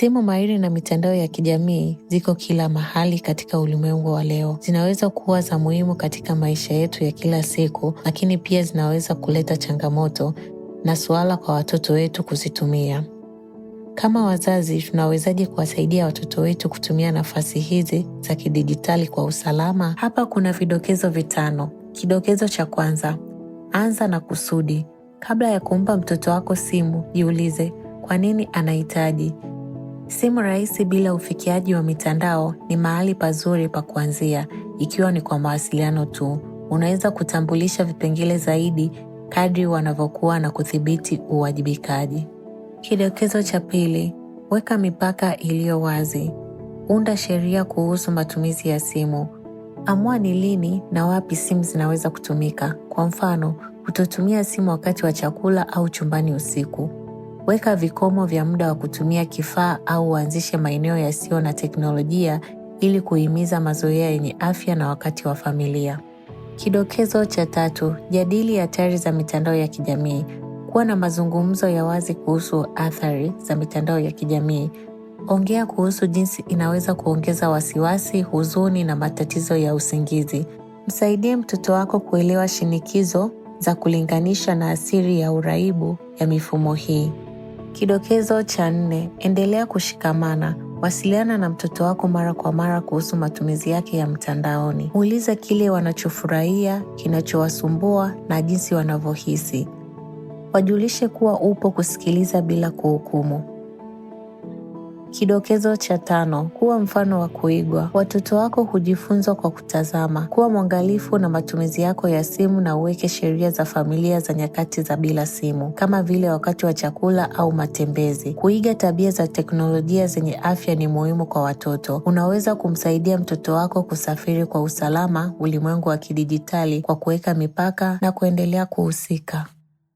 Simu mahiri na mitandao ya kijamii ziko kila mahali katika ulimwengu wa leo. Zinaweza kuwa za muhimu katika maisha yetu ya kila siku, lakini pia zinaweza kuleta changamoto na suala kwa watoto wetu kuzitumia. Kama wazazi, tunawezaje kuwasaidia watoto wetu kutumia nafasi hizi za kidijitali kwa usalama? Hapa kuna vidokezo vitano. Kidokezo cha kwanza: anza na kusudi. Kabla ya kumpa mtoto wako simu, jiulize kwa nini anahitaji Simu rahisi bila ufikiaji wa mitandao ni mahali pazuri pa kuanzia, ikiwa ni kwa mawasiliano tu. Unaweza kutambulisha vipengele zaidi kadri wanavyokuwa na kudhibiti uwajibikaji. Kidokezo cha pili, weka mipaka iliyo wazi. Unda sheria kuhusu matumizi ya simu. Amua ni lini na wapi simu zinaweza kutumika. Kwa mfano, kutotumia simu wakati wa chakula au chumbani usiku. Weka vikomo vya muda wa kutumia kifaa au uanzishe maeneo yasiyo na teknolojia ili kuhimiza mazoea yenye afya na wakati wa familia. Kidokezo cha tatu, jadili hatari za mitandao ya kijamii. Kuwa na mazungumzo ya wazi kuhusu athari za mitandao ya kijamii. Ongea kuhusu jinsi inaweza kuongeza wasiwasi, huzuni na matatizo ya usingizi. Msaidie mtoto wako kuelewa shinikizo za kulinganisha na asiri ya uraibu ya mifumo hii. Kidokezo cha nne: endelea kushikamana. Wasiliana na mtoto wako mara kwa mara kuhusu matumizi yake ya mtandaoni. muuliza kile wanachofurahia, kinachowasumbua na jinsi wanavyohisi. Wajulishe kuwa upo kusikiliza bila kuhukumu. Kidokezo cha tano: kuwa mfano wa kuigwa. Watoto wako hujifunzwa kwa kutazama. Kuwa mwangalifu na matumizi yako ya simu na uweke sheria za familia za nyakati za bila simu, kama vile wakati wa chakula au matembezi. Kuiga tabia za teknolojia zenye afya ni muhimu kwa watoto. Unaweza kumsaidia mtoto wako kusafiri kwa usalama ulimwengu wa kidijitali kwa kuweka mipaka na kuendelea kuhusika.